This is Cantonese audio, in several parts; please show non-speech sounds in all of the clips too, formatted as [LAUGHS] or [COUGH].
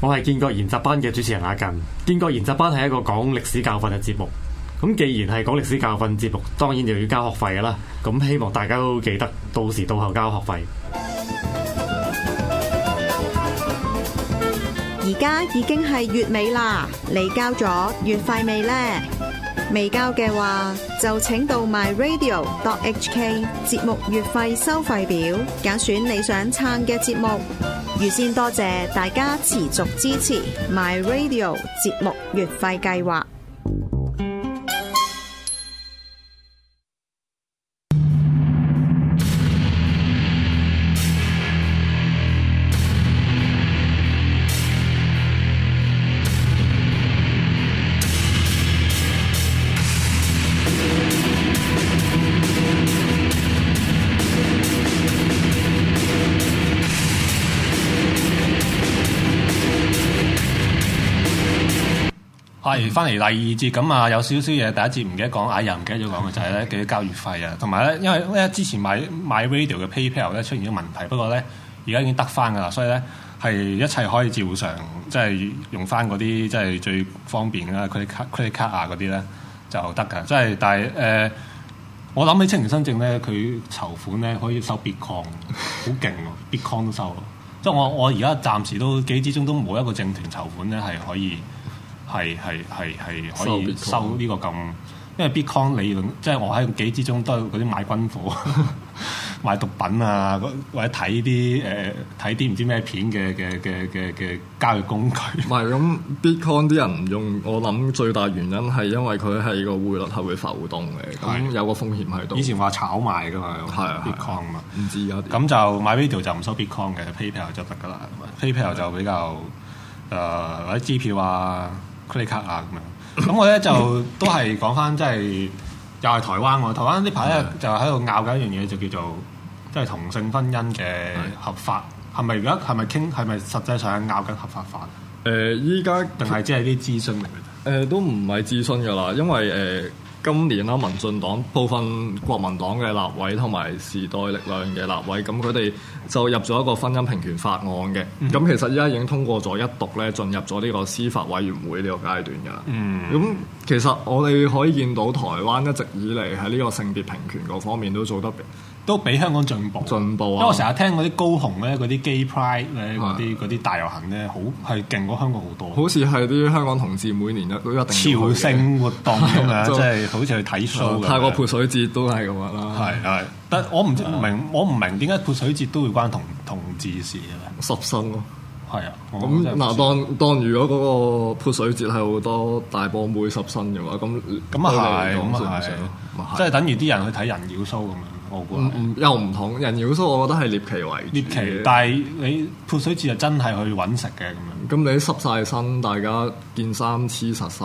我係建國研習班嘅主持人阿近，建國研習班係一個講歷史教訓嘅節目。咁既然係講歷史教訓節目，當然就要交學費㗎啦。咁希望大家都記得到時到候交學費。而家已經係月尾啦，你交咗月費未呢？未交嘅話，就請到 myradio.hk 節目月費收費表，揀選你想撐嘅節目。預先多謝大家持續支持 My Radio 節目月費計劃。誒翻嚟第二節咁啊，嗯、有少少嘢第一節唔記得講，啊又唔記得咗講嘅就係咧，記得交月費啊，同埋咧，因為咧之前 MyRadio 嘅 PayPal 咧出現咗問題，不過咧而家已經得翻噶啦，所以咧係一切可以照常，即係用翻嗰啲即係最方便啦，credit credit card 啊嗰啲咧就得㗎，即係但係誒、呃，我諗起青年新政咧，佢籌款咧可以收 Bitcoin，好勁喎，Bitcoin 都收，即係我我而家暫時都幾之中都冇一個政團籌款咧係可以。係係係係可以收呢個咁，因為 Bitcoin 理論即係我喺幾之中都係嗰啲買軍火、買毒品啊，或者睇啲誒睇啲唔知咩片嘅嘅嘅嘅嘅交易工具。唔係咁 Bitcoin 啲人唔用，我諗最大原因係因為佢係個匯率係會浮動嘅，咁是有個風險喺度。以前話炒賣㗎嘛，Bitcoin 嘛，唔知而家點。咁就買 MyVideo 就唔收 Bitcoin 嘅 PayPal 就得㗎啦。PayPal 就比較誒的或者支票啊。credit card 啊咁樣，咁 [LAUGHS] 我咧就都係講返，即、就、係、是、又係台灣喎。台灣呢排咧 [LAUGHS] 就喺度拗緊一樣嘢，就叫做即係、就是、同性婚姻嘅合法，係咪而家係咪傾，係咪實際上拗緊合法化？誒、呃，依家定係只係啲諮詢嚟嘅？誒、呃，都唔係諮詢㗎喇，因為誒。呃今年啦，民進黨、部分國民黨嘅立委同埋時代力量嘅立委，咁佢哋就入咗一個婚姻平權法案嘅，咁、mm hmm. 其實依家已經通過咗一讀咧，進入咗呢個司法委員會呢個階段噶啦。咁、mm hmm. 其實我哋可以見到台灣一直以嚟喺呢個性別平權嗰方面都做得。都比香港進步，進步啊。因為我成日聽嗰啲高雄咧、嗰啲 Gay Pride 咧、嗰啲啲大遊行咧，好係勁過香港好多。好似係啲香港同志每年一一定朝聖活動咁樣，即係好似去睇 show。泰國潑水節都係咁啦，係係。但係我唔知明，我唔明點解潑水節都會關同同志事嘅濕身咯。係啊，咁嗱，當當如果嗰個潑水節係好多大波妹濕身嘅話，咁咁啊係，咁係，即係等於啲人去睇人妖 show 咁樣。嗯、又唔同。人妖 show 我覺得係獵奇為主。但係你潑水節就真係去揾食嘅咁樣。咁你濕晒身，大家件衫黐實晒，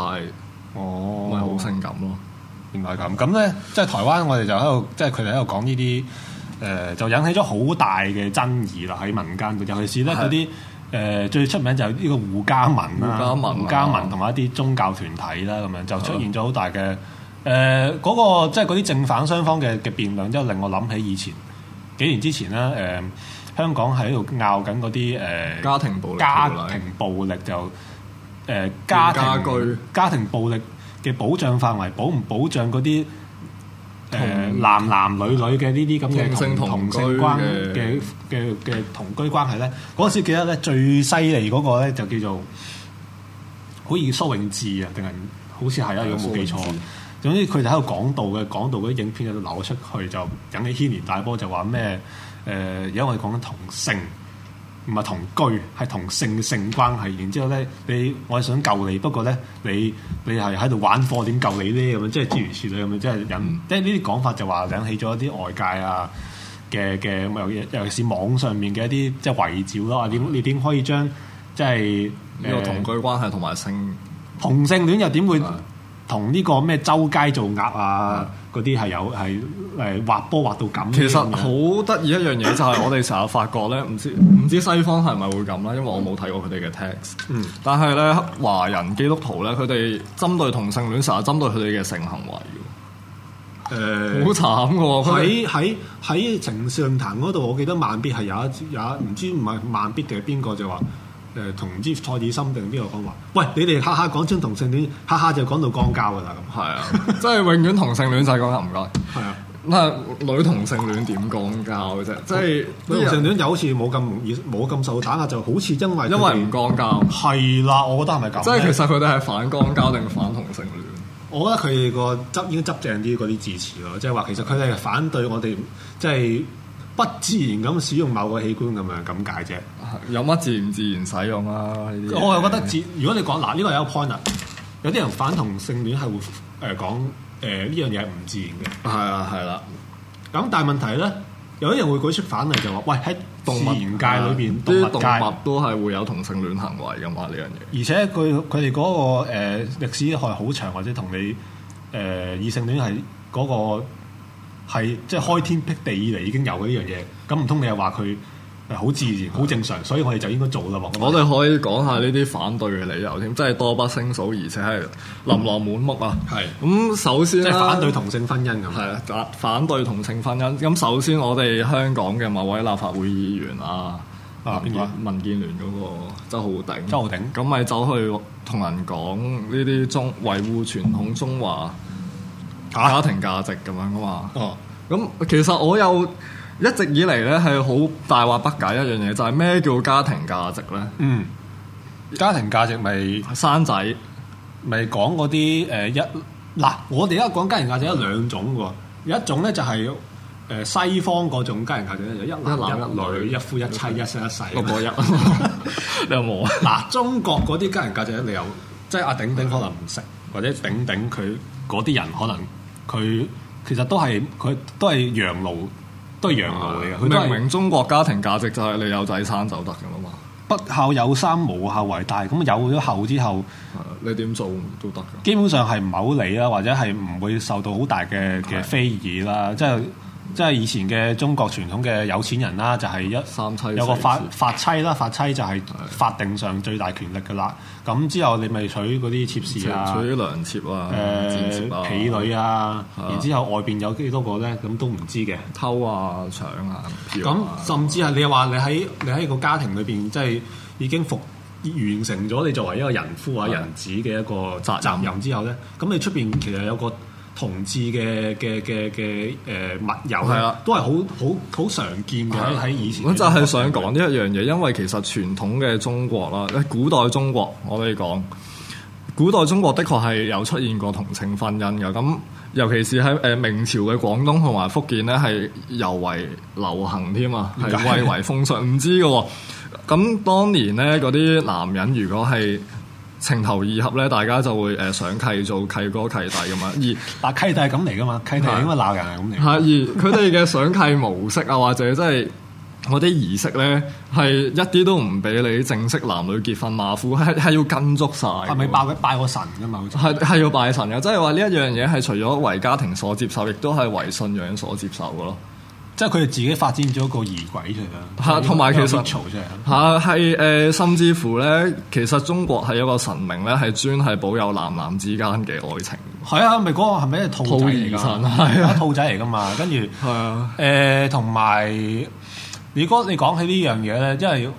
哦，咪好性感咯、啊。原來咁。咁咧，即係台灣，我哋就喺度，即係佢哋喺度講呢啲，誒、呃，就引起咗好大嘅爭議啦。喺民間，尤其是咧嗰啲，誒是的、呃，最出名就係呢個胡家文啦，胡家文同、啊、埋一啲宗教團體啦，咁樣就出現咗好大嘅。是的 誒嗰、呃那個，即係嗰啲正反雙方嘅嘅辯論，之後令我諗起以前幾年之前咧，誒、呃、香港喺度拗緊嗰啲誒家庭暴力家庭暴力就，誒家庭家庭暴力嘅保障範圍，保唔保障嗰啲誒男男女女嘅呢啲咁嘅同性同性關嘅嘅嘅同居關係咧？嗰陣時記得咧，最犀利嗰個咧就叫做易好似蘇永智啊，定係好似係啊？如果冇記錯。總之佢就喺度講道嘅，講道嗰啲影片喺度流出去，就引起軒然大波就，就話咩？而家我哋講緊同性唔係同居，係同性性關係。然之後咧，你我係想救你，不過咧，你你係喺度玩火，點救你咧？咁樣即係諸如此類咁樣，即係引即係呢啲講法就話引起咗一啲外界啊嘅嘅，咁尤，尤其是網上面嘅一啲即係圍繞咯。點你點可以將即係呢個同居關係同埋性同性戀又點會？嗯同呢個咩周街做鴨啊嗰啲，係有係誒劃波劃到咁。其實好得意一樣嘢就係，我哋成日發覺咧，唔 [COUGHS] 知唔知西方係咪會咁啦，因為我冇睇過佢哋嘅 text。嗯，但係咧華人基督徒咧，佢哋針對同性戀成日針對佢哋嘅性行為。誒、嗯，好慘嘅，喺喺喺城市論壇嗰度，我記得慢必係有一支，有一唔知唔係慢必定係邊個就話。誒同之蔡子森定邊個講話，喂，你哋下下講親同性戀，下下就講到肛交㗎啦咁。係啊， [LAUGHS] 即係永遠同性戀就係肛交，唔該。係啊，唔女同性戀點肛交嘅啫？即係是女同性戀又好似冇咁易，冇咁為受打啊，就好似因為因為唔肛交係啦、啊，我覺得係咪咁。即係其實佢哋係反肛交定反同性戀？我覺得佢哋個執已經執正啲嗰啲字詞咯，即係話其實佢哋係反對我哋即係。就是不自然咁使用某個器官咁樣咁解啫，有乜自唔自然使用啊？Yeah. [LAUGHS] 我又覺得自，如果你講嗱，呢個 point, 有個 point 啊，有啲人反同性戀係會誒講誒呢樣嘢係唔自然嘅，係啊係啦。咁、啊、但係問題咧，有啲人會舉出反例就話：喂喺動、啊、動物界裏面，啲動物都係會有同性戀行為咁話呢樣嘢。這個、而且佢佢哋嗰個誒、呃、歷史係好長，或者同你誒異、呃、性戀係嗰、那個。係即係開天闢地以嚟已經有嘅呢樣嘢，咁唔通你又話佢係好自然、好是的 正常，所以我哋就應該做啦喎！我哋可以講下呢啲反對嘅理由添，真係多不勝數，而且係琳琅滿目啊！係咁，首先即係反對同性婚姻咁，係啦，反反對同性婚姻。咁首先我哋香港嘅某位立法會議員啊，啊邊個民建聯嗰個周浩鼎，周浩鼎咁咪走去同人講呢啲中維護傳統中華。家庭價值咁樣噶嘛？哦，咁其實我又一直以嚟咧係好大話不解一樣嘢，就係、是、咩叫家庭價值咧？嗯，家庭價值咪生仔，咪、就是、講嗰啲誒一嗱，我哋而家講家庭價值有兩種喎，有一種咧就係誒西方嗰種家庭價值咧，就一男一女、一,一,女一夫一妻、一,一生一世六個一， [LAUGHS] 你有冇嗱，中國嗰啲家庭價值咧，你有即係、就是、阿鼎鼎可能唔識，或者鼎鼎佢嗰啲人可能。佢其實都係佢都係養老，都係養老嚟嘅。明明中國家庭價值就係你有仔生就得嘅啦嘛，不孝有三，無孝為大。咁有咗後之後，嗯、你點做都得嘅。基本上係唔係好理啦，或者係唔會受到好大嘅嘅、嗯、非議啦，即係的。就是即係以前嘅中國傳統嘅有錢人啦，就係、是、一三妻,妻有個法法妻啦，法妻就係法定上最大權力嘅啦。咁的之後你咪娶嗰啲妾侍啊，娶良妾啊，誒婢、呃啊、女啊。然的之後外邊有幾多個咧？咁都唔知嘅，偷啊、搶啊、嫖啊。咁、啊、甚至係你話你喺你喺個家庭裏邊，即、就、係、是、已經服完成咗你作為一個人夫或者人子嘅一個責任,責任之後咧，咁你出邊其實有個。同志嘅嘅嘅嘅誒物有，的都係好好好常見嘅喺的以前。我就係想講呢一樣嘢，因為其實傳統嘅中國啦，喺古代中國，我哋講古代中國的確係有出現過同性婚姻嘅。咁尤其是喺誒明朝嘅廣東同埋福建咧，係尤為流行添啊，係蔚的為風俗。唔知嘅喎，咁當年咧嗰啲男人如果係。情投意合咧，大家就會誒上契做契哥契弟咁樣，而 [LAUGHS] 但契弟係咁嚟噶嘛？契弟係因為鬧人係咁嚟。係而佢哋嘅上契模式啊， [LAUGHS] 或者即係我啲儀式咧，係一啲都唔俾你正式男女結婚馬虎，係係要跟足晒，係咪拜拜個神噶嘛？係係要拜神嘅，即係話呢一樣嘢係除咗為家庭所接受，亦都係為信仰所接受嘅咯。即係佢哋自己發展咗一個異鬼嚟㗎，嚇，同埋其實嚇係誒，甚至乎咧，其實中國係有個神明咧，係專係保佑男男之間嘅愛情。係啊，咪嗰個係咪兔仔嚟㗎？兔兒神係啊，啊兔仔嚟㗎嘛，跟住係啊，誒同埋，如果你講起呢樣嘢咧，因為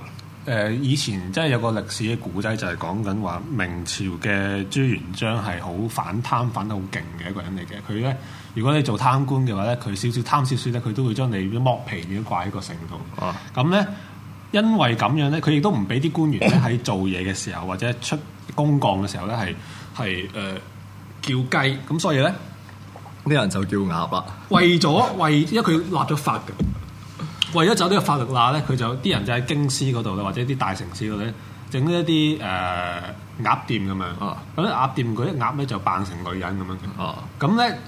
誒、呃、以前真係有個歷史嘅古仔，就係講緊話明朝嘅朱元璋係好反貪反得好勁嘅一個人嚟嘅。佢咧，如果你做貪官嘅話咧，佢少少貪少少咧，佢都會將你剝皮咁掛喺個城度。哦、啊。咁咧，因為咁樣咧，佢亦都唔俾啲官員咧喺做嘢嘅時候 [COUGHS] 或者出公幹嘅時候咧，係係誒叫雞。咁所以咧，啲人就叫鴨啦。 [LAUGHS] 為咗為，因為佢立咗法嘅。為咗走呢個法律罅咧，佢就啲人就喺京師嗰度咧，或者啲大城市嗰度咧，整一啲誒、呃、鴨店咁樣。哦、啊，咁啲鴨店嗰啲鴨咧就扮成女人咁樣。哦、啊，咁咧，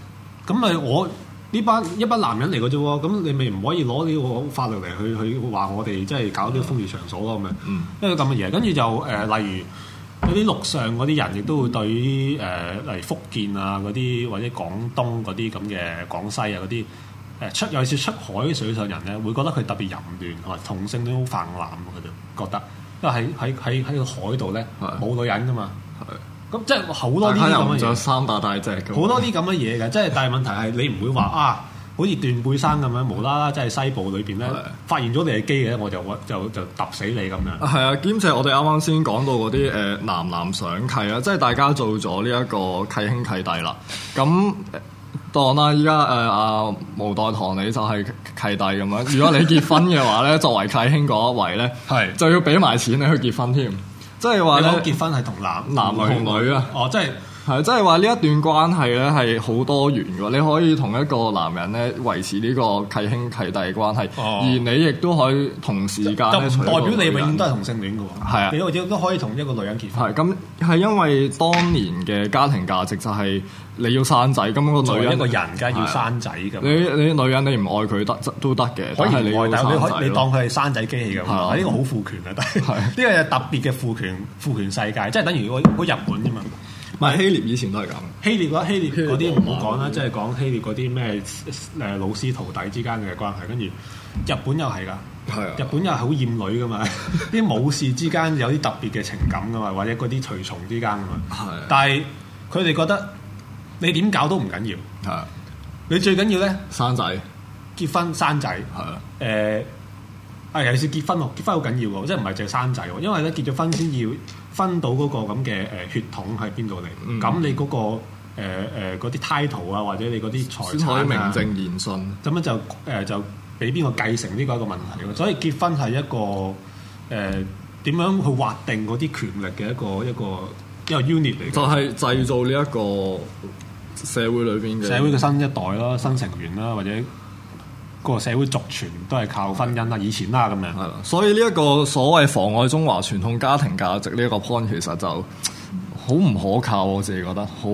咁咪我呢班一班男人嚟嘅啫喎，咁你咪唔可以攞呢個法律嚟去去話我哋即係搞啲風月場所咁嘅？嗯、因為咁嘅嘢，跟住就誒、呃，例如嗰啲陸上嗰啲人，亦都會對於誒、呃，例如福建啊嗰啲，或者廣東嗰啲咁嘅廣西啊嗰啲。誒出，尤其是出海水上人咧，會覺得佢特別淫亂，同性都好泛濫。佢哋覺得，因為喺喺喺喺個海度咧，冇女人噶嘛。咁的即係好多啲咁樣嘢，大家三大大隻好多啲咁嘅嘢嘅，即係 [LAUGHS] 但係問題係你唔會話啊，好似斷背山咁樣無啦啦，即係西部裏邊咧發現咗你嘅基嘅，我就就就揼死你咁樣。係啊，兼且我哋啱啱先講到嗰啲誒男男上契啊，即係大家做咗呢一個契兄契弟啦，咁。 [LAUGHS] 當啦，而家誒阿無代堂你就係契弟咁樣，如果你結婚嘅話咧， [LAUGHS] 作為契兄嗰一位咧，係 [LAUGHS] 就要俾埋錢你去結婚添，即係話咧結婚係同男男女女啊，哦即係。就是係，即係話呢一段關係咧係好多元嘅，你可以同一個男人咧維持呢個契兄契弟嘅關係，哦、而你亦都可以同時間代表你永遠都係同性戀嘅喎。係啊，你都可以同一個女人結婚。係咁，啊，係因為當年嘅家庭價值就係你要生仔，咁，那個女人一個人梗係要生仔嘅，啊。你你女人你唔愛佢得都得嘅，可以外帶你，你可以你當佢係生仔機器咁。呢，啊啊、個好父權嘅，但係呢個特別嘅父權父權世界，即、就、係、是、等於嗰日本啫嘛。唔係希臘以前都係咁。希臘嗰，希臘嗰啲唔好講啦，即係講希臘嗰啲咩，誒老師徒弟之間嘅關係。跟住日本又係㗎，日本又係好厭女㗎嘛。啲武士之間有啲特別嘅情感㗎嘛，或者嗰啲隨從之間㗎嘛。係，但係佢哋覺得你點搞都唔緊要。係，你最緊要咧生仔，結婚生仔係啦。誒啊！尤其是結婚喎，結婚好緊要㗎，即係唔係淨係生仔喎？因為咧結咗婚先要。分到嗰個咁嘅誒血統喺邊度嚟？咁、嗯、你嗰、嗰個誒嗰啲 title 啊，或者你嗰啲財產先名正言順。咁樣就誒、呃、就俾邊個繼承呢個一個問題。嗯、所以結婚係一個誒點、呃、樣去劃定嗰啲權力嘅一個一個一個 unit 嚟。就係製造呢一個社會裏邊嘅社會嘅新一代啦、新成員啦，嗯、或者。個社會族傳都係靠婚姻啦、啊，以前啦、啊、咁樣。係咯，所以呢一個所謂妨礙中華傳統家庭價值呢一個 point 其實就好唔可靠，我自己覺得好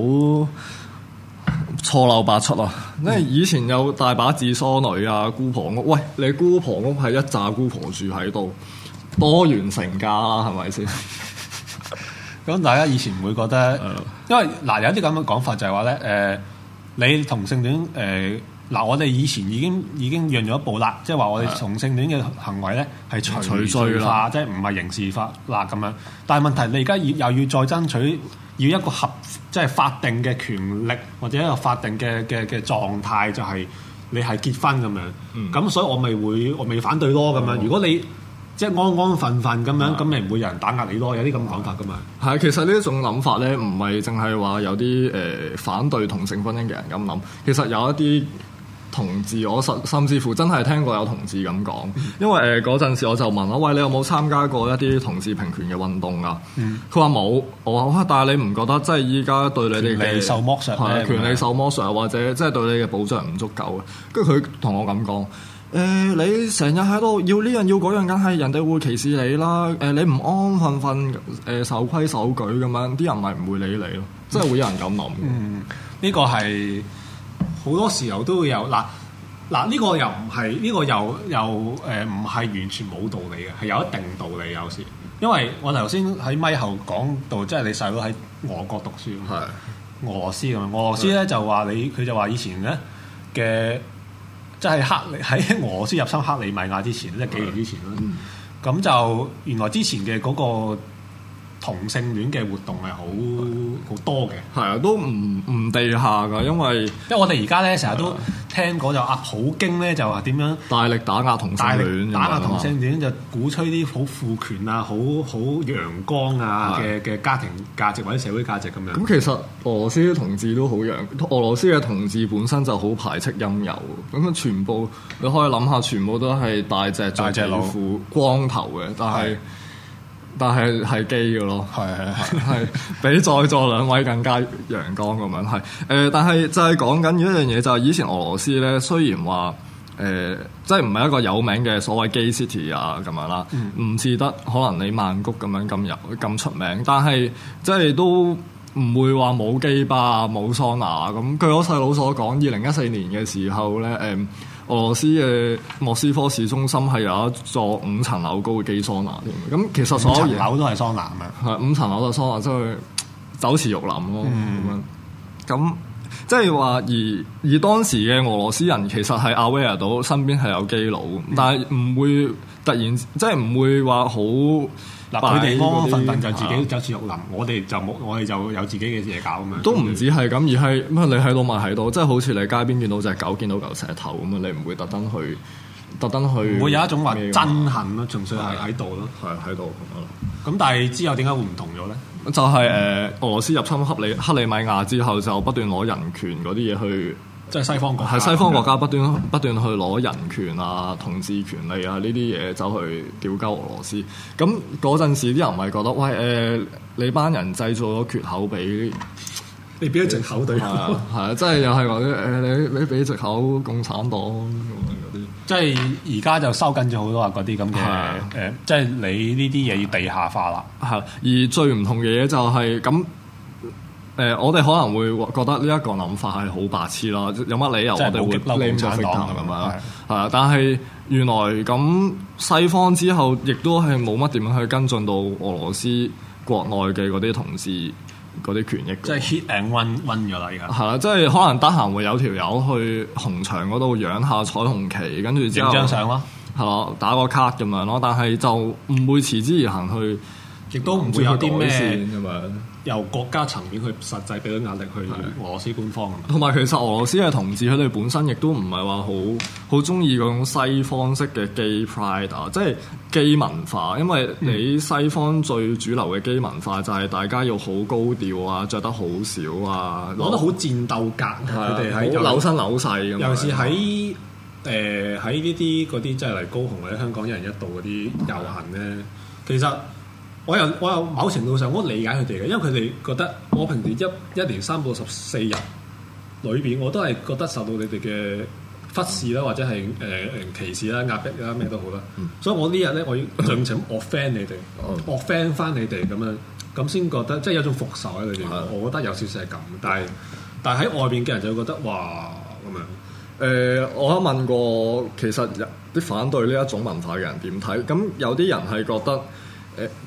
錯漏百出啊！因為、嗯、以前有大把自梳女啊、姑婆屋，喂，你姑婆屋係一紮姑婆住喺度，多元成家啦、啊，係咪先？咁 [LAUGHS] [LAUGHS] 大家以前會覺得，因為嗱、呃、有啲咁嘅講法就係話咧，誒、呃、你同性戀誒。呃呃嗱，我哋以前已經已經讓咗一步啦，即係話我哋同性戀嘅行為咧係的除罪化，的即係唔係刑事法啦咁樣。但係問題你而家要又要再爭取要一個合即係、就是、法定嘅權力或者一個法定嘅嘅嘅狀態，就係、是、你係結婚咁樣。咁、嗯、所以我咪會我咪反對咯咁樣。嗯、如果你即係安安分分咁樣，咁咪唔會有人打壓你咯。有啲咁講法噶嘛。係啊，其實呢一種諗法咧，唔係淨係話有啲誒反對同性婚姻嘅人咁諗，其實有一啲。同志，我甚甚至乎真係聽過有同志咁講，因為誒嗰陣時我就問我，喂，你有冇參加過一啲同志平權嘅運動啊？佢話冇，我話但係你唔覺得即係依家對你哋嘅權利受剝削，係權利受剝削，或者即係對你嘅保障唔足夠嘅？跟住佢同我咁講，誒你成日喺度要呢樣要嗰樣，梗係人哋會歧視你啦。誒你唔安安分分誒守規守矩咁樣，啲人咪唔會理你咯。即係會有人咁諗嘅，呢個係。好多時候都有，嗱嗱，呢個又唔係，呢個又又誒唔係完全冇道理嘅，係有一定道理有時。因為我頭先喺咪後講到，即係你細佬喺俄國讀書，係的俄羅斯咁。俄羅斯咧就話你，佢就話以前咧嘅，即係克喺俄羅斯入侵克里米亞之前，即係幾年之前啦。咁的就原來之前嘅嗰個。同性戀嘅活動係好好多嘅，係啊，都唔唔地下噶，因為因為我哋而家咧成日都聽講就話好驚咧，就話點樣大力打壓同性戀，打壓同性戀對就鼓吹啲好父權啊，好好陽光啊嘅嘅家庭價值或者社會價值咁樣。咁對 其實俄羅斯啲同志都好陽，俄羅斯嘅同志本身就好排斥陰柔，咁樣全部你可以諗下，全部都係大隻大隻佬光頭嘅，但係。但係係 gay 嘅咯，係係係比在座兩位更加陽光咁樣，係誒。但係就係講緊一樣嘢，就係、是、以前俄羅斯咧，雖然話誒，即係唔係一個有名嘅所謂 gay city 啊咁樣啦，唔似、嗯、得可能你曼谷咁樣咁有咁出名，但係即係都唔會話冇 gay bar，啊，冇桑拿。咁、啊。據我細佬所講，二零一四年嘅時候咧誒。啊俄羅斯嘅莫斯科市中心係有一座五層樓高嘅基桑拿，咁其實所有五樓都係桑拿嘅，係五層樓就桑，桑拿，即係走池玉林咯咁樣。咁即係話，而而當時嘅俄羅斯人其實係 aware 到身邊係有基佬，嗯、但係唔會突然即係唔會話好。嗱，佢哋方份就自己的就似玉林，我哋就冇，我哋就有自己嘅嘢搞咁樣。都唔止係咁，而係乜你喺度咪喺度，即係好似你街邊見到隻狗，見到嚿石頭咁樣，你唔會特登去，特登去，會有一種話憎恨咯，純粹係喺度咯。係喺度咁啊！咁但係之後點解會唔同咗咧？就係誒，俄羅斯入侵克里克里米亞之後，就不斷攞人權嗰啲嘢去。即係西方國家，西方國家不斷不斷去攞人權啊、同志權利啊呢啲嘢走去吊鳩俄羅斯。咁嗰陣時啲人咪覺得：喂誒、呃，你班人製造咗缺口俾你俾藉口對了，係啊，即係又係話誒，你俾俾藉口共產黨啲。即係而家就收緊咗好多啊，嗰啲咁嘅誒，即係、呃就是、你呢啲嘢要地下化啦。係，而最唔同嘅嘢就係、是、咁。誒、呃，我哋可能會覺得呢一個諗法係好白痴啦，有乜理由我哋會拎毛筆咁樣？係啦的，但係原來咁西方之後，亦都係冇乜點去跟進到俄羅斯國內嘅嗰啲同志嗰啲權益即 and run, run。即係 hit and run, run 咗啦，而家係啦，即係可能得閒會有條友去紅場嗰度養下彩虹旗，跟住之後影張相咯，係咯，打個卡咁樣咯。但係就唔會持之而行，去，亦都唔會有啲咩事。由國家層面去實際俾到壓力去俄羅斯官方，同埋的的其實俄羅斯嘅同志佢哋本身亦都唔係話好好中意嗰種西方式嘅 gay pride 啊，即係 gay 文化，因為你西方最主流嘅 gay 文化就係大家要好高調啊，着得好少啊，攞得好戰鬥格，佢哋係扭身扭勢咁。尤其是喺誒喺呢啲嗰啲即係嚟高雄或者香港一人一度嗰啲遊行咧，其實。我又我又某程度上我理解佢哋嘅，因為佢哋覺得我平時一一年三百六十四日裏邊，我都係覺得受到你哋嘅忽視啦，或者係誒誒歧視啦、壓迫啦咩都好啦。嗯、所以我呢日咧，我要盡情我 friend 你哋，嗯嗯、我 friend 翻你哋咁樣，咁先覺得即係有種復仇喺裏邊。嗯、我覺得有少少係咁，但係但係喺外邊嘅人就會覺得話咁樣。誒，我問過其實啲反對呢一種文化嘅人點睇？咁有啲人係覺得。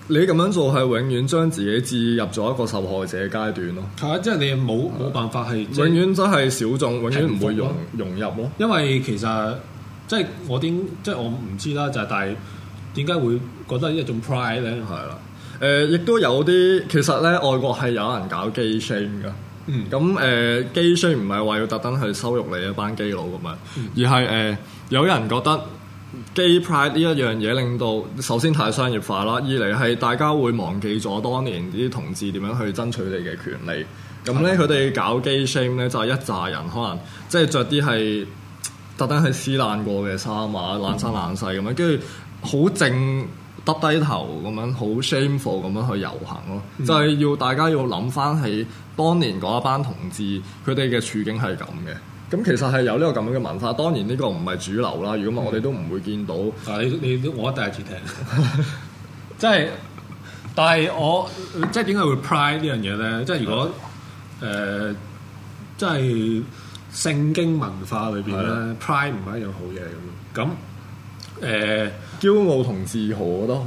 你咁樣做係永遠將自己置入咗一個受害者階段咯。係啊，即係你冇冇是吧 辦法係、就是、永遠真係小眾，永遠唔會融止融入咯。因為其實即係我點即係我唔知啦，就係、是、但係點解會覺得一種 pride 咧？係啦，誒、呃，亦都有啲其實咧，外國係有人搞 gay shame 噶。嗯，咁誒 gay shame 唔係話要特登去羞辱你一班基佬咁樣，嗯、而係誒、呃、有人覺得。gay pride 呢一樣嘢令到首先太商業化啦，二嚟係大家會忘記咗當年啲同志點樣去爭取你嘅權利。咁咧佢哋搞 gay shame 咧就係一紮人可能即係着啲係特登係撕爛過嘅衫啊，爛衫爛細咁樣，跟住好靜耷低頭咁樣，好 shameful 咁樣去遊行咯。嗯、就係要大家要諗翻起當年嗰一班同志，佢哋嘅處境係咁嘅。咁其實係有呢個咁樣嘅文化，當然呢個唔係主流啦。嗯、 [LAUGHS] [LAUGHS] 如果唔係，我哋都唔會見到。啊、嗯！你你都第一次聽即係，但係我即係點解會 pride 呢樣嘢咧？即係如果誒，即係聖經文化裏邊咧，pride 唔係一樣好嘢嚟嘅。咁誒、嗯，呃、驕傲同自豪我覺得，我都好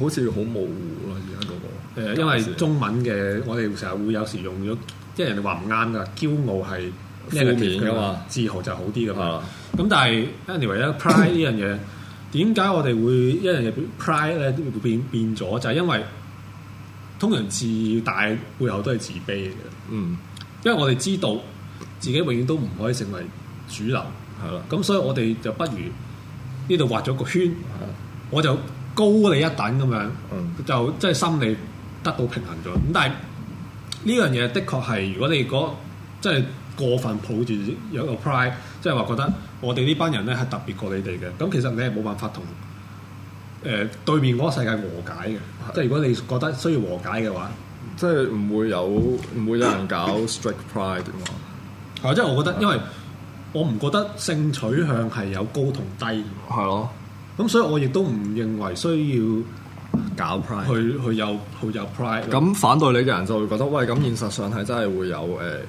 好似好模糊咯。而家嗰個因為中文嘅、嗯、我哋成日會有時用咗，即係人哋話唔啱噶，驕傲係。敷衍噶嘛，自豪就好啲噶嘛。咁 [LAUGHS] 但係 anyway 咧，pride 呢樣嘢，點 [COUGHS] 解我哋會一樣嘢 pride 咧變變咗？就係、是、因為通常自大背後都係自卑嘅。嗯，因為我哋知道自己永遠都唔可以成為主流，係啦、嗯。咁所以我哋就不如呢度畫咗個圈，嗯、我就高你一等咁樣，嗯、就即係心理得到平衡咗。咁但係呢樣嘢的確係，如果你嗰即係，就是過分抱住有個 pride，即係話覺得我哋呢班人咧係特別過你哋嘅。咁其實你係冇辦法同誒對面嗰個世界和解嘅。即係的如果你覺得需要和解嘅話，即係唔會有唔會有人搞 strict pride 嘅嘛。係，即係我覺得，因為我唔覺得性取向係有高同低，係咯的。咁所以，我亦都唔認為需要搞 pride 去去有去有 pride。咁反對你嘅人就會覺得，喂，咁現實上係真係會有誒。欸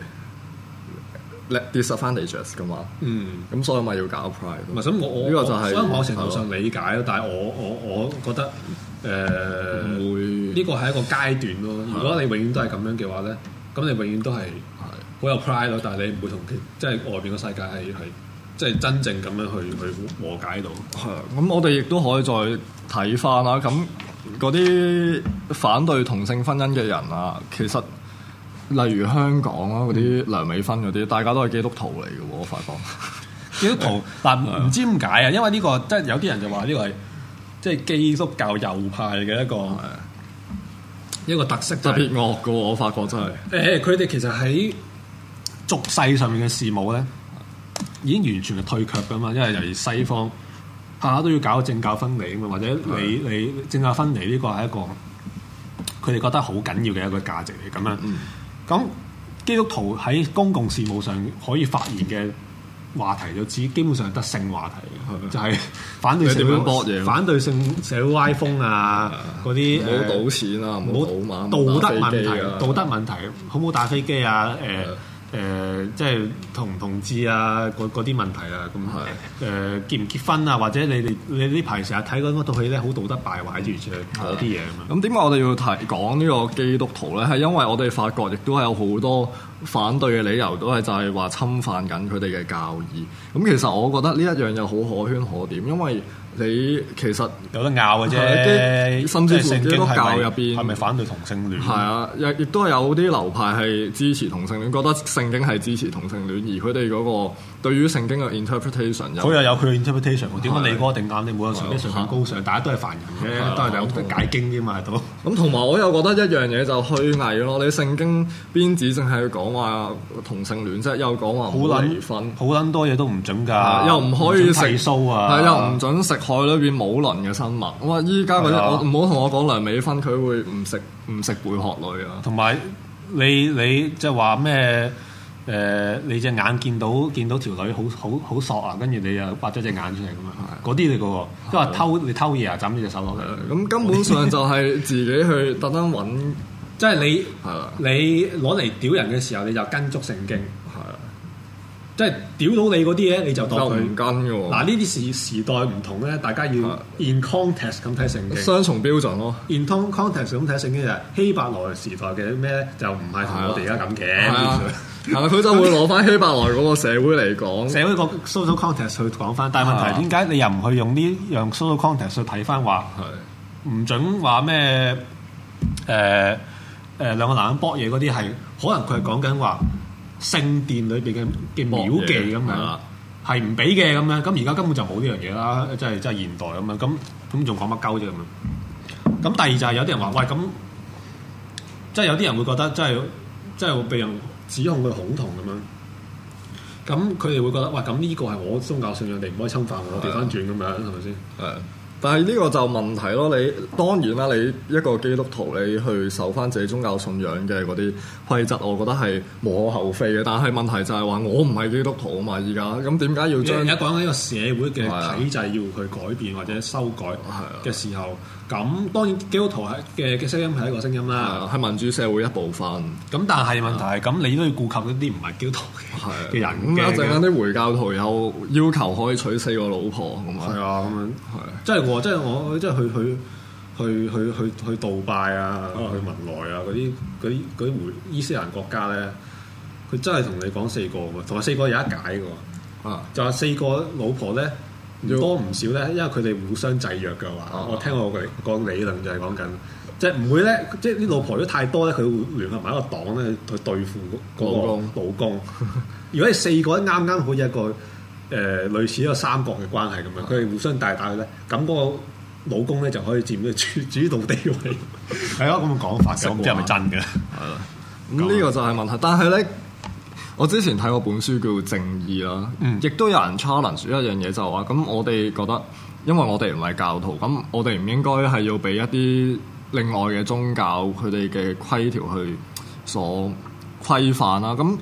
跌失翻嚟著嘅嘛，嗯，咁所以咪要搞 pride 咯。唔係，所以我我呢個就係、是，所以某程度上理解咯。嗯、但係我我我覺得誒、呃、會呢個係一個階段咯。的如果你永遠都係咁樣嘅話咧，咁的你永遠都係好有 pride 咯的。但係你唔會同其，即、就、係、是、外邊嘅世界係係即係真正咁樣去去和解到。係，咁我哋亦都可以再睇翻啦。咁嗰啲反對同性婚姻嘅人啊，其實～例如香港啊，嗰啲、嗯、梁美芬嗰啲，大家都係基督徒嚟嘅喎，我發覺基督徒， [LAUGHS] 但唔知點解啊？因為呢、呢個即係有啲人就話呢個係即係基督教右派嘅一個、嗯、一個特色、就是，特別惡嘅喎，我發覺真係。誒、欸，佢哋其實喺俗世上面嘅事務咧，已經完全係退卻嘅嘛，因為尤其西方下下都要搞政教分離啊嘛，或者你的你，你政教分離呢個係一個佢哋覺得好緊要嘅一個價值嚟，咁樣。嗯咁基督徒喺公共事務上可以發言嘅話題，就只基本上得性話題， [LAUGHS] 就係反對社會，反對性社會歪風啊！嗰啲唔好賭錢啦、啊，唔好道德問題，道德問題，好唔好打飛機啊？誒、呃。 [LAUGHS] [LAUGHS] 誒、呃，即係同唔同志啊，嗰啲問題啦，咁誒是的、呃、結唔結婚啊？或者你哋你呢排成日睇緊嗰套戲咧，好道德敗壞啲嘅，嗰啲嘢啊嘛。咁點解我哋要提講呢個基督徒咧？係因為我哋發覺亦都係有好多反對嘅理由，都係就係話侵犯緊佢哋嘅教義。咁其實我覺得呢一樣又好可圈可點，因為。你其實有得拗嘅啫，甚至乎啲個教入邊係咪反對同性戀？係啊，亦都有啲流派係支持同性戀，覺得聖經係支持同性戀。而佢哋嗰個對於聖經嘅 interpretation，佢又有佢嘅 interpretation 喎。點解你嗰個定格你冇有常經常高上大家都係凡人嘅，都係有得解經㖏嘛都。咁同埋我又覺得一樣嘢就虛偽咯。你聖經邊只淨係講話同性戀啫，又講話好離婚，好撚多嘢都唔準㗎，又唔可以食素啊，又唔準食。海裏邊冇鱗嘅生物，新的我話依家啲，我唔好同我講梁美芬，佢會唔食唔食貝殼類啊？同埋你你即係話咩？誒，你隻、呃、眼見到見到條女好好好索啊，跟住你又發咗隻眼出嚟咁樣？嗰啲你噶喎，即係、那個、的偷你偷嘢啊！斬呢隻手落嚟，咁根本上就係自己去特登揾，即係的你的你攞嚟屌人嘅時候，你就跟足成經。即係屌到你嗰啲嘢，你就當佢跟㗎。嗱，呢啲時時代唔同咧，大家要 in context 咁睇聖經。雙重標準咯。in context 咁睇聖經就係希伯來時代嘅咩咧，就唔係同我哋而家咁嘅。係咪佢就會攞翻希伯來嗰個社會嚟講？ [LAUGHS] 社會個 social context 去講翻的，但係問題點解你又唔去用呢樣 social context 去睇翻話？係的。唔準話咩？誒、呃、誒、呃、兩個男人搏嘢嗰啲係，可能佢係講緊話。聖殿裏邊嘅嘅廟妓咁樣，係唔俾嘅咁樣，咁而家根本就冇呢樣嘢啦，即係即係現代咁樣，咁咁仲講乜鳩啫咁？咁第二就係有啲人話，喂咁，即係、就是、有啲人會覺得，即係即係會被人指控佢恐同咁樣，咁佢哋會覺得，喂咁呢個係我宗教信仰，你唔可以侵犯我，調翻轉咁樣係咪先？係。但係呢個就問題咯，你當然啦，你一個基督徒你去受翻自己宗教信仰嘅嗰啲規則，我覺得係無可厚非嘅。但係問題就係話，我唔係基督徒啊嘛，依家咁點解要將而家講緊呢個社會嘅體制要去改變或者修改嘅時候，咁當然基督徒嘅嘅聲音係一個聲音啦，係民主社會一部分。咁但係問題係，咁你都要顧及一啲唔係基督徒嘅人。一陣間啲回教徒有要求可以娶四個老婆咁啊，係啊，咁樣係即係我。即係我即係去去去去去去，去杜拜啊，啊去文萊啊，嗰啲嗰啲嗰啲回伊斯蘭國家咧，佢真係同你講四個嘅，同埋四個有一解嘅，啊、就話四個老婆咧，不多唔少咧，因為佢哋互相制約嘅話，啊、我聽我個理論就係講緊，即係唔會咧，即係啲老婆都太多咧，佢會聯合埋一個黨咧去對付嗰、嗰個老公。如果你四個啱啱好一個。誒、呃、類似一個三角嘅關係咁樣，佢哋的互相大打嘅咧，咁嗰的個老公咧就可以佔到主主導地位，係咯，咁嘅講法，咁關知唔知係咪真嘅？係啦的，咁呢的個就係問題。的但係咧，我之前睇過本書叫《正義》啦、嗯，亦都有人 challenge 一樣嘢，就話：咁我哋覺得，因為我哋唔係教徒，咁我哋唔應該係要俾一啲另外嘅宗教佢哋嘅規條去所規範啦。咁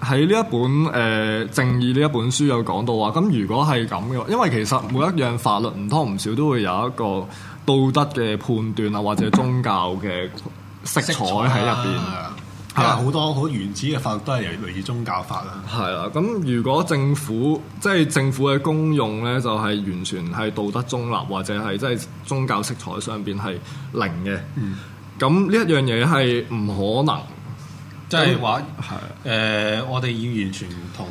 喺呢一本誒、呃、正義呢一本書有講到話，咁如果係咁嘅話，因為其實每一樣法律唔多唔少都會有一個道德嘅判斷啊，或者宗教嘅色彩喺入邊。因為好多好原始嘅法律都係嚟類似宗教法啊。係啦，咁如果政府即係、就是、政府嘅公用咧，就係完全係道德中立，或者係即係宗教色彩上邊係零嘅。嗯，咁呢一樣嘢係唔可能。即係話，誒、嗯，呃，我哋要完全同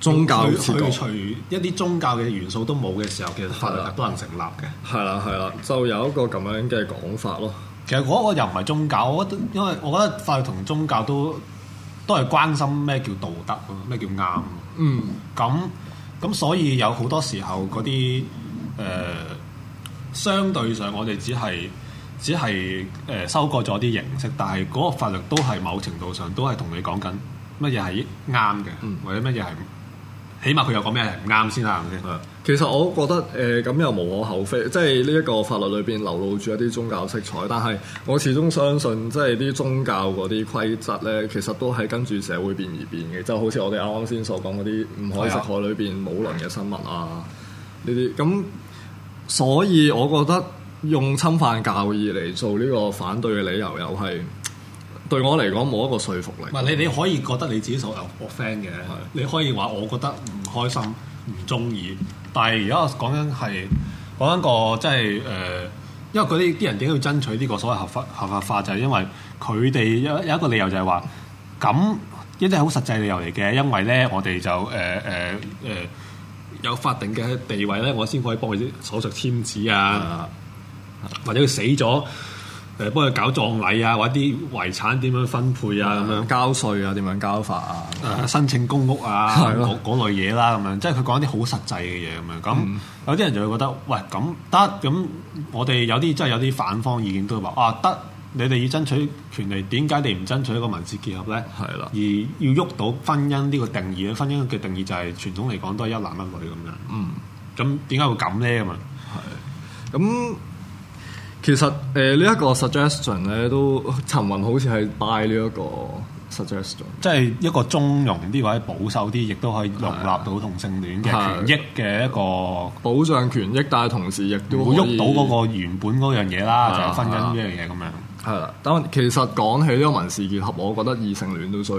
宗教去，先說 去除一啲宗教嘅元素都冇嘅時候，其實法律都不能成立嘅。係啦，係啦，就有一個咁樣嘅講法咯。其實嗰個又唔係宗教，我覺得，因為我覺得法律同宗教都都係關心咩叫道德咯，咩叫啱。嗯，咁咁所以有好多時候嗰啲誒相對上我哋只係。只係誒、呃、修改咗啲形式，但係嗰個法律都係某程度上都係同你講緊乜嘢係啱嘅，嗯、或者乜嘢係，起碼佢又講咩係唔啱先啦。係、嗯，其實我覺得誒咁、呃、又無可厚非，即係呢一個法律裏邊流露住一啲宗教色彩，但係我始終相信，即係啲宗教嗰啲規則咧，其實都係跟住社會變而變嘅，就好似我哋啱啱先所講嗰啲唔可以食海裏邊冇鱗嘅生物啊，呢啲咁，所以我覺得。用侵犯教義嚟做呢個反對嘅理由，又係對我嚟講冇一個說服力。唔係你你可以覺得你自己所有個 friend 嘅，的你可以話我覺得唔開心、唔中意。但係而家我講緊係講緊個即係誒，因為嗰啲啲人點解要爭取呢個所謂合法合法化？就係、是、因為佢哋有有一個理由就係話，咁一啲係好實際理由嚟嘅。因為咧，我哋就誒誒誒有法定嘅地位咧，我先可以幫佢哋手術簽紙啊。或者佢死咗，誒，幫佢搞葬禮啊，或者啲遺產點樣分配啊，咁樣交稅啊，點樣交法啊，申請公屋啊，嗰嗰是吧 類嘢啦，咁樣，即係佢講啲好實際嘅嘢咁樣。咁有啲人就會覺得，喂，咁得？咁我哋有啲真係有啲反方意見都會話，哇，啊，得！你哋要爭取權利，點解你唔爭取一個民事結合咧？係啦，而要喐到婚姻呢個定義，婚姻嘅定義就係、是、傳統嚟講都係一男一女咁，嗯，樣。嗯，咁點解會咁咧？咁啊，係咁。其實誒、呃這個，呢一個 suggestion 咧都陳雲好似係 buy 呢一個 suggestion，即係一個中庸啲或者保守啲，亦都可以容納到同性戀嘅的權益嘅一個保障權益，但係同時亦都會喐到嗰個原本嗰樣嘢啦，的就係婚姻呢樣嘢咁樣。係啦，但其實講起呢個民事結合，我覺得異性戀都需要。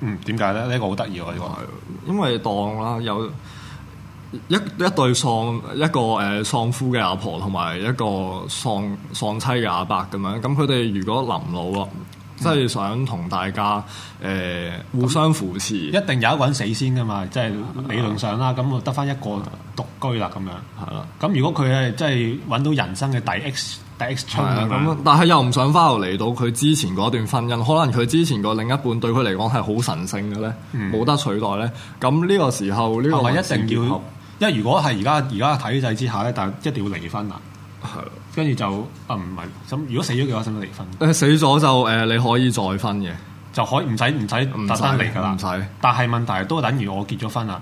嗯，點解咧？呢、這個好得意喎，呢個係，因為當啦有。一一對喪一個誒喪夫嘅阿婆，同埋一個喪喪妻嘅阿伯咁樣。咁佢哋如果臨老啊，即係想同大家誒互相扶持，一定有一個人死先噶嘛。即係理論上啦，咁我得翻一個獨居啦咁樣。係啦。咁如果佢係即係搵到人生嘅第 X 第 X 春咁，但係又唔想翻嚟到佢之前嗰段婚姻，可能佢之前個另一半對佢嚟講係好神聖嘅咧，冇得取代咧。咁呢個時候呢個一定結因為如果係而家而家體制之下咧，但係一定要離婚啦。係咯，跟住就啊唔係咁，如果死咗嘅話，使唔使離婚？死咗就誒，你可以再婚嘅，就可以唔使唔使特登離噶啦。唔使。但係問題都等於我結咗婚啦。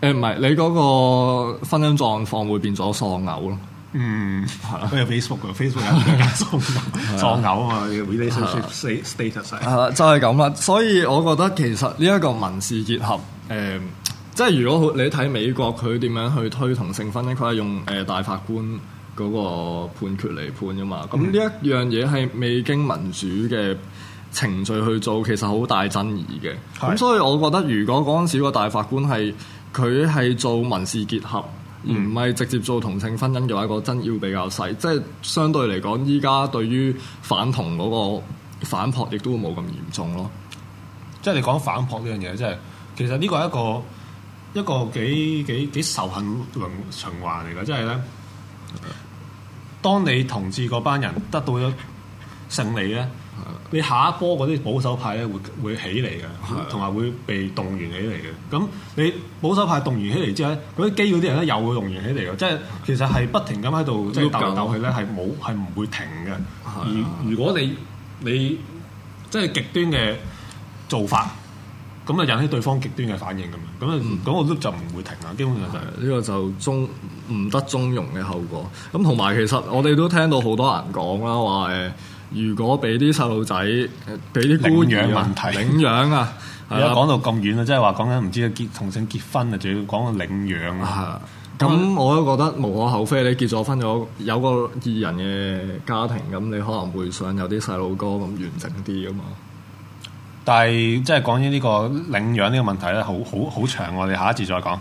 誒唔係你嗰個婚姻狀況會變咗喪偶咯。嗯，係啦。我喺 Facebook 嘅 Facebook 有啲喪喪偶啊嘛就係咁啦。所以我覺得其實呢一個民事結合誒。即係如果你睇美國佢點樣去推同性婚姻，佢係用誒大法官嗰個判決嚟判噶嘛？咁呢一樣嘢係未經民主嘅程序去做，其實好大爭議嘅。咁是、嗯、所以我覺得，如果嗰陣時個大法官係佢係做民事結合，而唔係直接做同性婚姻嘅話，個爭議會比較細。即係相對嚟講，依家對於反同嗰個反撲，亦都冇咁嚴重咯。即係你講反撲呢樣嘢，即係其實呢個係一個。一個幾幾幾仇恨循環嚟㗎，即係咧，當你同志嗰班人得到咗勝利咧，的你下一波嗰啲保守派咧會會起嚟嘅，同埋的會被動員起嚟嘅。咁你保守派動員起嚟之後咧，嗰啲基嗰啲人咧又會動員起嚟嘅。即係其實係不停咁喺度鬥嚟鬥去咧，係冇係唔會停嘅。如的如果你你即係極端嘅做法。咁啊，引起對方極端嘅反應咁樣，咁啊，咁個循環就唔會停啦，基本上就係呢個就中唔得中庸嘅後果。咁同埋其實我哋都聽到好多人講啦，話誒，如果俾啲細路仔誒，俾啲領養問題，領養啊，而家講到咁遠啦，即係話講緊唔知結同性結婚啊，仲要講個領養啊。咁我都覺得無可厚非。你結咗婚咗，有個二人嘅家庭，咁你可能會想有啲細路哥咁完整啲噶嘛。但係，即係講緊呢個領養呢個問題咧，好好好長，我哋下一節再講。